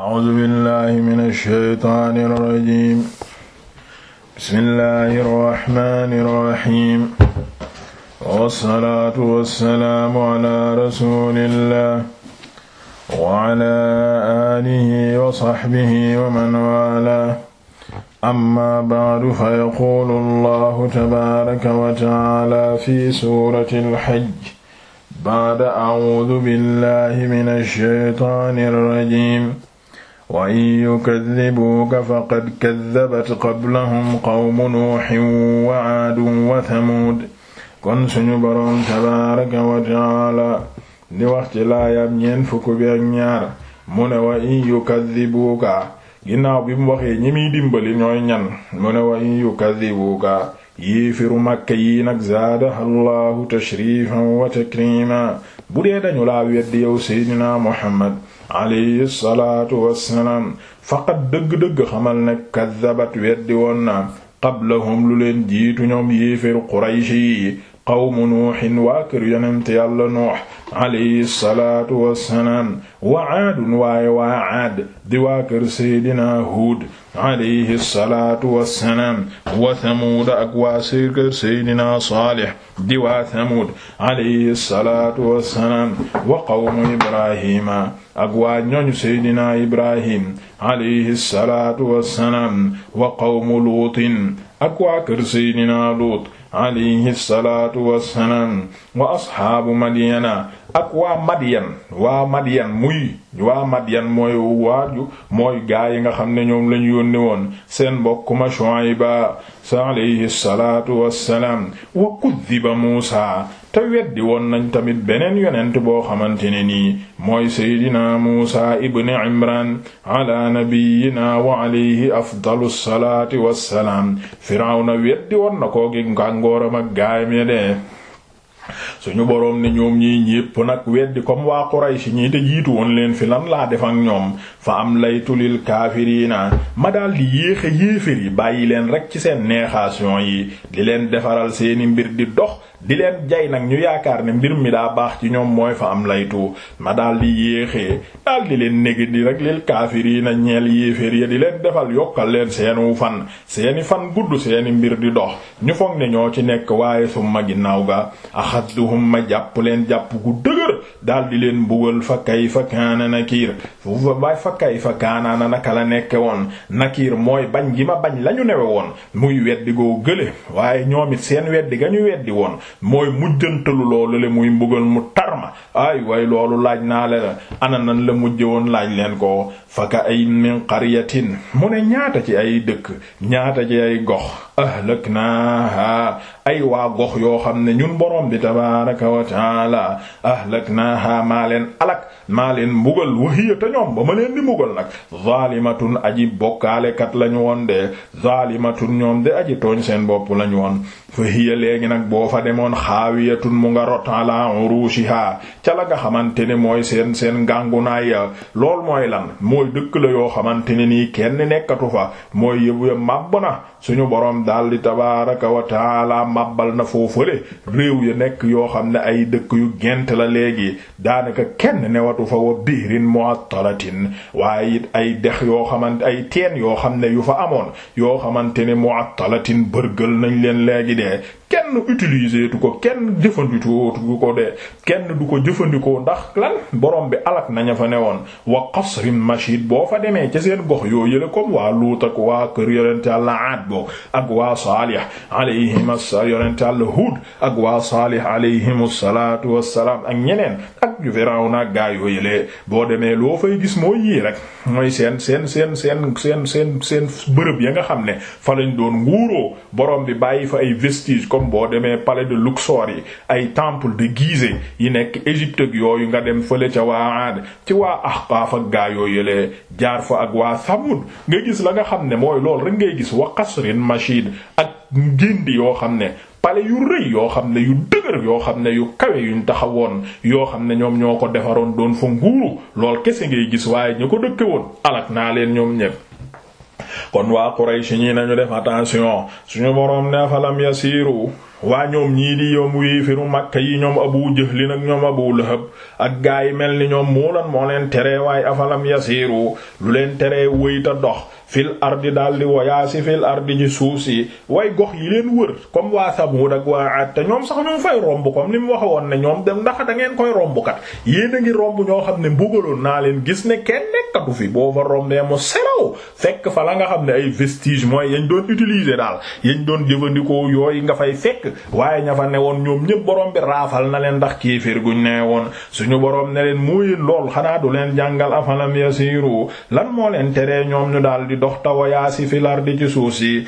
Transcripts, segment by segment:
A'uuzu billaahi mina shaytaani rajiim. Bismillaahi rahmaani rahiim. Wassalaatu wassalaamu alaa rasuulillaah wa alaa aalihi wa sahbihi wa man waalaah. Ammaa ba'du fayaquulu Allaahu tabaaraka wa ta'aalaa fi suuratil hajj ba'da a'uuzu billaahi mina shaytaani rajiim. wa in yukaddibuuka faqad kaddabat qablahum qawmu nuuhin wa aadun wa thamuud kon suñu boroom tabaaraka wa taala di wax ci laayam ñeent fukk bi ak ñaar mu ne wa in yukaddibuuka ginnaaw bi mu waxee ñi muy dimbali ñooy ñan mu ne wa in yukaddibuuka yéefiru màkka yi nag zaadaha allahu tashrifan wa takrima bu dee dañu laa weddi yow seydinaa muhammad alayhi salaatu wassalaam faqat dëgg-dëgg xamal ne kaddabat weddi woon na qablahum lu leen jiitu ñoom yéeféru qurayshi yi qawmu nuuxin waa kër yonent yàlla nuux alayhi salaatu wassalaam wa aadun waaye waa aad di waa kër seydina huud alayhi salaatu wassalaam wa thamuuda ak waa sey kër seydina saalix di waa thamuud alayhi salaatu wassalaam wa qawmu ibrahima ak waa ñooñu seydina ibrahim alayhi salaatu wassalaam wa qawmu luutin ak waa kër seydina luut alayhi salaatu wassalaam wa asxaabu madyana ak waa madyan waa muy waa madyan mooy waaju yi nga xam ne ñoom lañu yónni woon seen mbokk ma Shuayba sa alayhi salaatu wassalaam wa kuddiba muusa te weddi woon nañ tamit beneen yonent boo xamante ni nii mooy seydina muusa ibn imran ala nabiyina wa alayhi afdalu salaati wassalaam firawna weddi woon na ko gi ngàngooram ak suñu boroom ne ñoom ñii ñépp nag weddi comme waa Quraysh ñii te jiitu woon leen fi lan laa def ñoom fa am laytu lil kaafiriina ma daal di yéexe yéefér yi bàyyi leen rek ci seen neexation yi di leen defaral seeni mbir di dox di leen jay nag ñu yaakaar ne mbir mi daa baax ci ñoom mooy fa am laytu ma daal di yéexee daal di leen négi di rek lil kaafiriina ñeel yéefér ya di leen defal yokkal leen seenu fan seeni fan gudd seeni mbir di dox ñu foog ne ñoo ci nekk waaye summa ginnaaw ga axaddu fa'adhabuhum ma jàpp leen jàpp gu dëgër daal di leen mbugal fa kayfa kaana nakiir fuufa baay fa kayfa kaana na naka la nekke woon nakiir mooy bañ gi ma bañ lañu newe woon muy weddi goo gële waaye ñoom it seen weddi ga ñu weddi woon mooy mujjantalu loolu le muy mbugal mu tar ma ay way loolu laaj naa le ana nan la mujje woon laaj leen ko fa ka ay min qaryatin mu ne ñaata ci ay dëkk ñaata ci ay gox ahlaknaaha ay waa gox yoo xam ne ñun borom bi tabaaraka wa taala ahlaknaaha maa leen alak maa leen mbugal wa hiya te ñoom ba ma leen di mbugal nag zaalimatun aji bokkaalekat lañu woon de zaalimatun ñoom de aji tooñ seen bopp lañu woon fa hiya léegi nag boo fa demoon xaawiyatun mu nga rot ala urushiha ca la nga xamante ne mooy seen seen ngàngunaay lool mooy lan mooy dëkk la yoo xamante ne nii kenn nekkatu fa mooy yëbu ya màbb na suñu boroom daal di tabaaraka wa taala màbbal na foofale réew ya nekk yoo xam ne ay dëkk yu gente la léegi daanaka kenn watu fa wa biirin mu'attalatin waaye it ay dex yoo xamante ay teen yoo xam ne yu fa amoon yoo xamante ne mu'attalatin bërgël nañ leen léegi de kenn utiliser tu ko kenn jëfandikoo tu ko de kenn du ko jëfandikoo ndax lan borom bi alak naña fa ne woon wa qasrin mashid boo fa demee ca seen gox yoo yële comme waa Luut ak waa kër yonente Yàlla Aad boo ak waa Saalih alayhim asa yonente Yàlla Huud ak waa Saalih alayhim asalatu wassalaam ak ñeneen ak ju Firawna ak gaa yoo yële boo demee loo fay gis mooy yii rek mooy seen seen seen seen seen seen seen bërëb ya nga xam ne fa lañ doon comme boo demee palais de Luxor yi ay temple de Gizeh yi nekk Égypte yooyu nga dem fële ca waa Aad ci waa Ahqaaf ak gaa yoo yële jaar fa ak waa Samud nga gis la nga xam ne mooy loolu rek ngay gis wa qasrin mashid ak ngindi yoo xam ne pale yu rëy yoo xam ne yu dëgër yoo xam ne yu kawe yuñ taxawoon yoo xam ne ñoom ñoo ko defaroon doon fa nguuru lool kese ngay gis waaye ñu ko dëkke woon alak naa leen ñoom ñépp kon waa Quraysh ñi nañu def attention suñu boroom ne afalam yasiru waa ñoom ñii di yoom wii firu Makka yi ñoom Abu Jahl nag ñoom Abu Lahab ak gaa yi mel ni ñoom moo lan moo leen teree waaye afalam yasiru lu leen teree wëyta dox fil ardi daal di wayaasi fil ardi ci suuf si way gox yi leen wër comme waa Samud ak waa Aad te ñoom sax ñu ngi fay romb comme ni mu waxe woon ne ñoom dem ndax dangeen koy koy kat yéen a ngi romb ñoo xam ne mbugaloon naa leen gis ne kenn nekkatu fi boo fa rombee mu fekk fa la nga xam ne ay vestige mooy yañ doon utiliser daal yañ doon jëfandikoo yooyu nga fay fekk waaye ña fa ne woon ñoom ñëpp borom bi raafal na leen ndax kéeféer guñ ne woon suñu boroom ne leen mooy lool xanaa du leen jàngal afalam yasiru lan moo leen teree ñoom ñu daal di dox tawayaasi fi ardi ci suuf si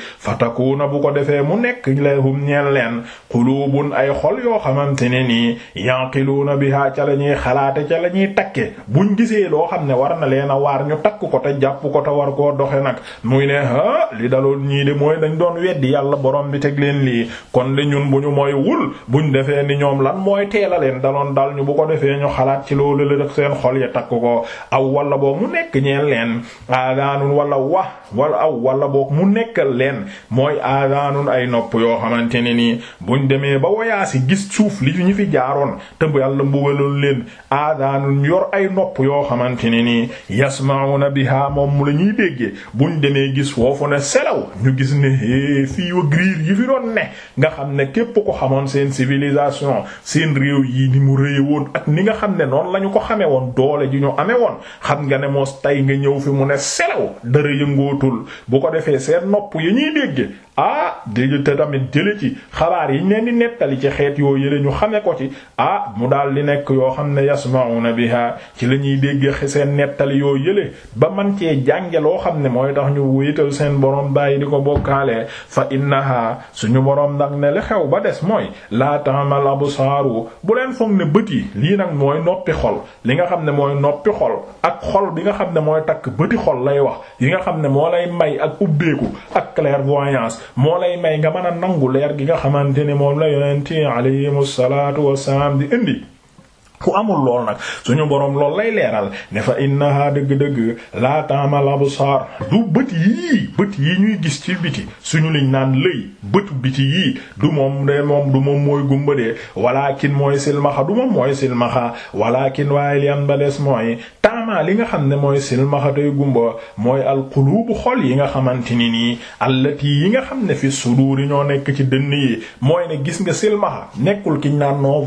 na bu ko defee mu nekk lahum ñeel leen qulubun ay xol yoo xamante ne nii yanqiluna biha ca la ñuy xalaate ca la ñuy takke buñ gisee loo xam ne war na a waar ñu takk ko te jàpp ko te war doxe nag muy ne ah li daloon ñii de mooy dañ doon weddi yàlla borom bi teg leen lii kon li ñun bu ñu mooy wul ñu defee ni ñoom lan mooy teela leen daloon dal ñu bu ko defee ñu xalaat ci loolu la def seen xol ya takk ko aw wala boog mu nekk ñeen leen aadaanun wala wa wala aw wala book mu nekkal leen mooy aadaanun ay nopp yoo xamante ne nii buñ demee ba woyaasi gis suuf li ñu fi jaaroon te bu yàlla mbugaloon leen aadaanun yor ay nopp yoo xamante ne nii bu buñ demee gis foofu ne selew ñu gis ne é eh, fii wa griir yi fi doon ne nga xam ne képp ko xamoon seen civilisation seen réew yi ni mu réye woon ak ni nga xam ne noon lañu ko xamee woon doole ji ñu amee woon xam nga ne moo tey nga ñëw fi mu ne selaw dara yëngootul bu ko defee seen nopp yi ñuy dégg ah dégg te tamit jële ci xabaar yiñ leen di nettali ci xeet yoo yële ñu xame ko ci ah mu daal di nekk yoo xam ne yasmauna biha ci la ñuy dégg seen nettali yoo yële ne mooy tax ñu wéetal seen borom bàyyi di ko bokkaale fa innaha suñu borom ndax ne li xew ba des mooy laa ta'mal absaaru bu leen foog ne bët yi lii nag mooy noppi xol li nga xam ne mooy noppi xol ak xol bi nga xam ne mooy takk bëti xol lay wax yi nga xam ne moo lay may ak ubbeeku ak clairvoyance moo lay may nga mën a nangu leer gi nga xamante ne moom la yonent alayhi salaatu wassalaam di indi ku amul lool nag suñu boroom lool lay leeral ne fa innaha dëgg-dëgg laa taamal absar du bët yii bët yii ñuy gis ci biti suñu liñ naan lëy bëtu biti yii du moom de moom du moom mooy gumba de walaakin mooy silmaxa du moom mooy silmaxa walaakin waaye li am ba des mooy taamaa li nga xam ne mooy silmaxa tey gumba mooy alqulubu xol yi nga xamante ni nii allati yi nga xam ne fi yi ñoo nekk ci dënn yi mooy ne gis nga silmaxa nekkul kiñ naan non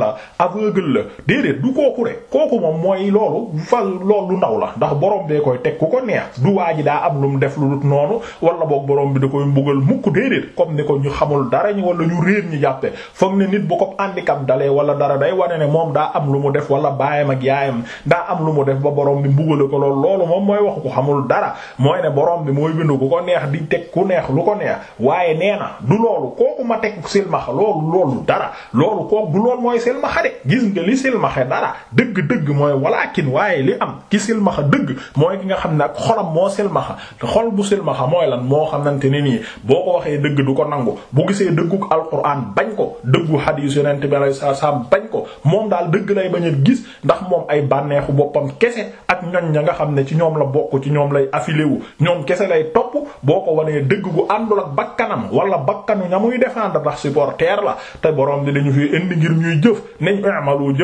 la aveugle déedéet du kooku de kooku moom mooy loolu fa loolu ndaw la ndax boroom bee koy teg ku ko neex du waa ji daa am lu mu def lu dul noonu wala boog boroom bi da koy mbugal mukk déedéet comme ni ko ñu xamul dara ñu wala ñu réer ñu jàppe foog ne nit bu ko handicap dalee wala dara day wane ne moom daa am lu mu def wala baayam ak yaayam daa am lu mu def ba boroom bi mbugale ko loolu loolu moom mooy waxu ko xamul dara mooy ne borom bi mooy bindu ku ko neex di teg ku neex lu ko neex waaye nee du loolu kooku teg silmaxa silmaxa de gis silmaxe dara dëgg-dëgg mooy walaakin waaye li am ki silmaxa dëgg mooy ki nga xam ne ak xolam moo silmaxa te xol bu silmaxa mooy lan moo xamante ne nii boo ko waxee dëgg du ko nangu bu gisee dëgguk alquran bañ ko dëggu hadiis yonent bi alayhi salaam bañ ko moom daal dëgg lay bañ a gis ndax moom ay bànneexu boppam kese ak ñoñ ña nga xam ne ci ñoom la bokk ci ñoom lay affilé wu ñoom kese lay topp boo ko wanee dëgg gu àndul ak bakkanam wala bakkanu ña muy défendre ndax supporter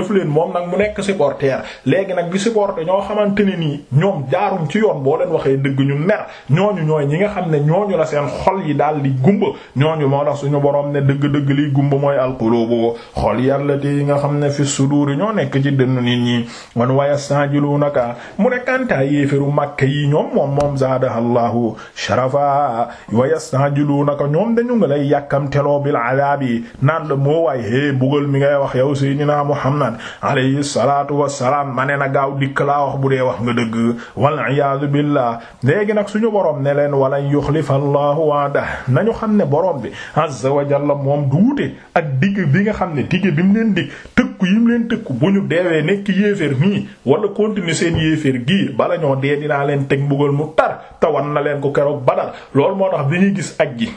Ndefleng moom nag mu nekk supporter léegi nag bi supporter ñoo xamante ne nii ñoom jaaruñ ci yoon boo leen waxee dëgg ñu mer ñooñu ñooy ñi nga xam ne ñooñu la seen xol yi daal di gumba ñooñu moo tax suñu boroom ne dëgg-dëgg liy gumba mooy alqulubu xol yàlla te yi nga xam ne fi suduuri ñoo nekk ci dënnu nit ñi man wayastanjilunaka mu ne kantaa yéefaru màkk yi ñoom moom moom zaadaha allahu sharafa wayastanjilunaka ñoom dañu nga lay yàkkamteloo bil adaabi naan la moo waay hé bugal mi ngay wax Muhammad alayhi salaatu wassalaam ma ne na gaaw dikk laa wax bu dee wax nga dëgg wal iyaadu billah léegi nag suñu borom ne leen wala yuxlifa allahu waada nañu xam ne boroom bi azza wa jalla moom duute ak digg bi nga xam ne digg bi mu leen dig tëkku yi mu leen tëkku bu ñu deewee nekk yéeféer nii wala continuer seen yéeféer gii bala ñoo dee dinaa leen teg mbugal mu tar tawan na leen ko keroog Badar loolu moo tax bi ñuy gis aj gi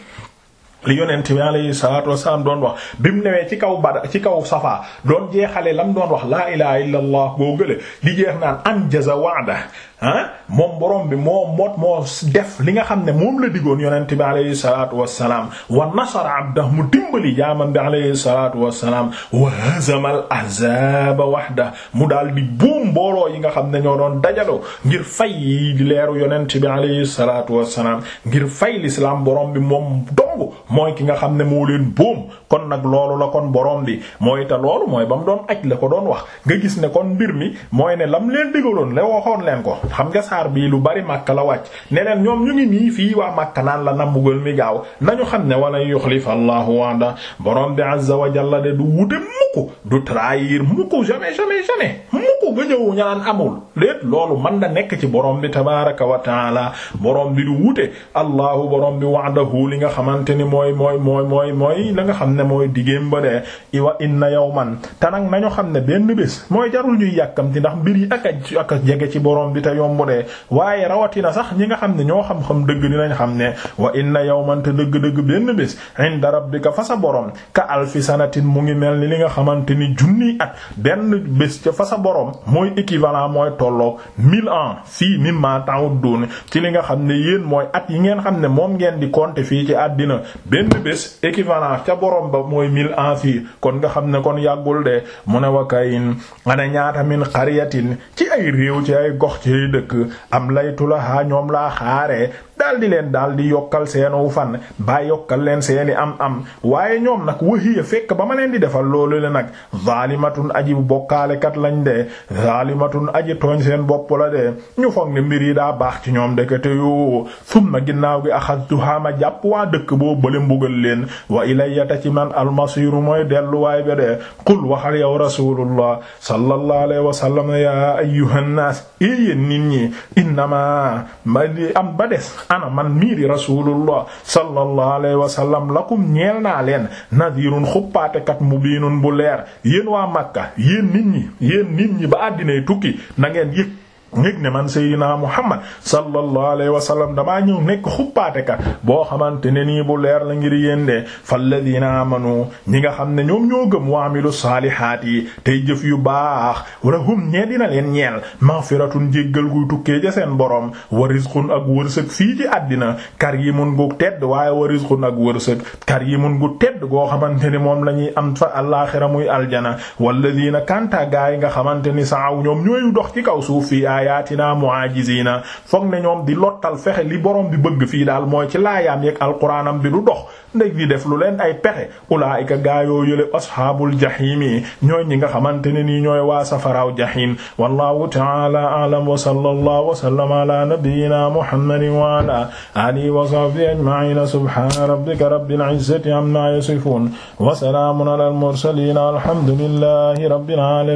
li yonent bi alayhi salaatu doon wax bi mu newee ci kaw ci kaw safaa doon jeexale lam doon wax laa ilaha illa allah boo gële di jeex naan anjaza wa'da ah moom borom bi moo mot moo def li nga xam ne moom la digoon yonent bi alayhi salaatu wasalaam wa nasara abdahu mu dimbali jaamam bi alayhi salaatu wasalaam wa hazama al waxda mu daal di buum mbooloo yi nga xam ne ñoo doon dajaloo ngir fay di leeru yonent bi alayhi salaatu ngir fay l'islam borom bi moom dong mooy ki nga xam ne moo leen boom kon nag loolu la kon borom bi mooy ta loolu mooy ba mu doon aj la ko doon wax nga gis ne kon mbir mi mooy ne lam leen digaloon la waxoon leen ko xam nga saar bii lu bari Makka la wàcc ne leen ñoom ñu ngi nii fii waa Makka naan la nambugal mi gaaw nañu xam ne wala yuxlifa Allahu wa'da borom bi azza wa jalla de du wute mukk du trahir mukk jamais jamais jamais mukk nga ñëw ñaan amul léet loolu man da nekk ci borom bi tabaaraka wa taala borom bi du wute mooy mooy mooy mooy mooy la nga xam ne mooy diggéem ba dee iwa inna yawman te nag nañu xam ne benn bés mooy jarul ñuy yàkkamti ndax mbir yi ak a ak a jege ci boroom bi te yomb dee waaye rawatina sax ñi nga xam ne ñoo xam-xam dëgg dinañ xam ne wa inna yawman te dëgg-dëgg benn bés inda rabbika fa sa borom ka alfi sanatin mu ngi mel ni li nga xamante ni junniy at benn bés ca fa borom mooy équivalent mooy tolloo mille ans fii mimma ta'udun ci li nga xam ne yéen mooy at yi ngeen xam ne moom ngeen di compter fii ci àddina benn bés équivalent ca borom ba mooy mille ans fii kon nga xam ne kon yàggul de mu ne wakayin ana ñaata min xariyatin ci ay réew ci ay gox ci dëkk am laytulaha ñoom laa xaare daal di leen daal di yokkal seenowu fan ba yokkal leen seeni am am waaye ñoom nag wahiya fekk ba ma leen di defal loolu le nag zaalimatun aji bokkaalekat lañ de zaalimatun aji tooñ seen bopp la de ñu foog ne mbir yi daa baax ci ñoom dekate yo summa ginnaaw gi axadtuhaa ma jàpp waa dëkk boo bële mbugal leen wa ilayya ta ci man almasiru mooy delluwaay ba de qul waxal yow rasulullah sallallahu alayhi wa sallam ya ayyuhan nas yéen nit ñi innama ma am ba des ana man miiri rasulullah sallallahu alayhi wa sallam lakum ñeel naa leen nadirun xuppaatekat mubiinun bu leer yéen waa Makka yéen nit ñi yéen nit ñi ba àddinay tukki na ngeen yëg ngig ne man Seydina Muhammad sallallahu alayhi wa sallam damaa ñëw nekk xuppaatekat boo xamante ne nii bu leer la ngir yéen de falladina amanu ñi nga xam ne ñoom ñoo gëm waamilu saalihaat yi tey jëf yu baax wala hum ñee dina leen ñeel maghfiratun jéggal guy tukkee ja seen borom wa rizqun ak wërsëg fii ci àddina karimun gu tedd waaye wa rizqun ak wërsëg karimun gu tedd goo xamante ni moom la ñuy am fa àllaaxira muy aljana walladina kanta gaay nga xamante ni saaw ñoom ci kaw suuf fii ayatina mu'ajizina foog ne ñoom di lottal fexe li borom bi bëgg fii daal mooy ci laayaam yeeg alquranam bi du dox ndég di def lu leen ay pexe ulaa'ika gaayoo yële ashaabul jahimi ñooy ñi nga xamante ne nii ñooy waa safaraaw jahim wallahu ta'ala a'lam wa sallallahu wa sallama ala nabiyyina muhammadin wa ala alihi wa sahbihi ajma'ina subhana rabbika rabbil izzati amma yasifun wa salamun ala al mursalin alhamdulillahi rabbil alamin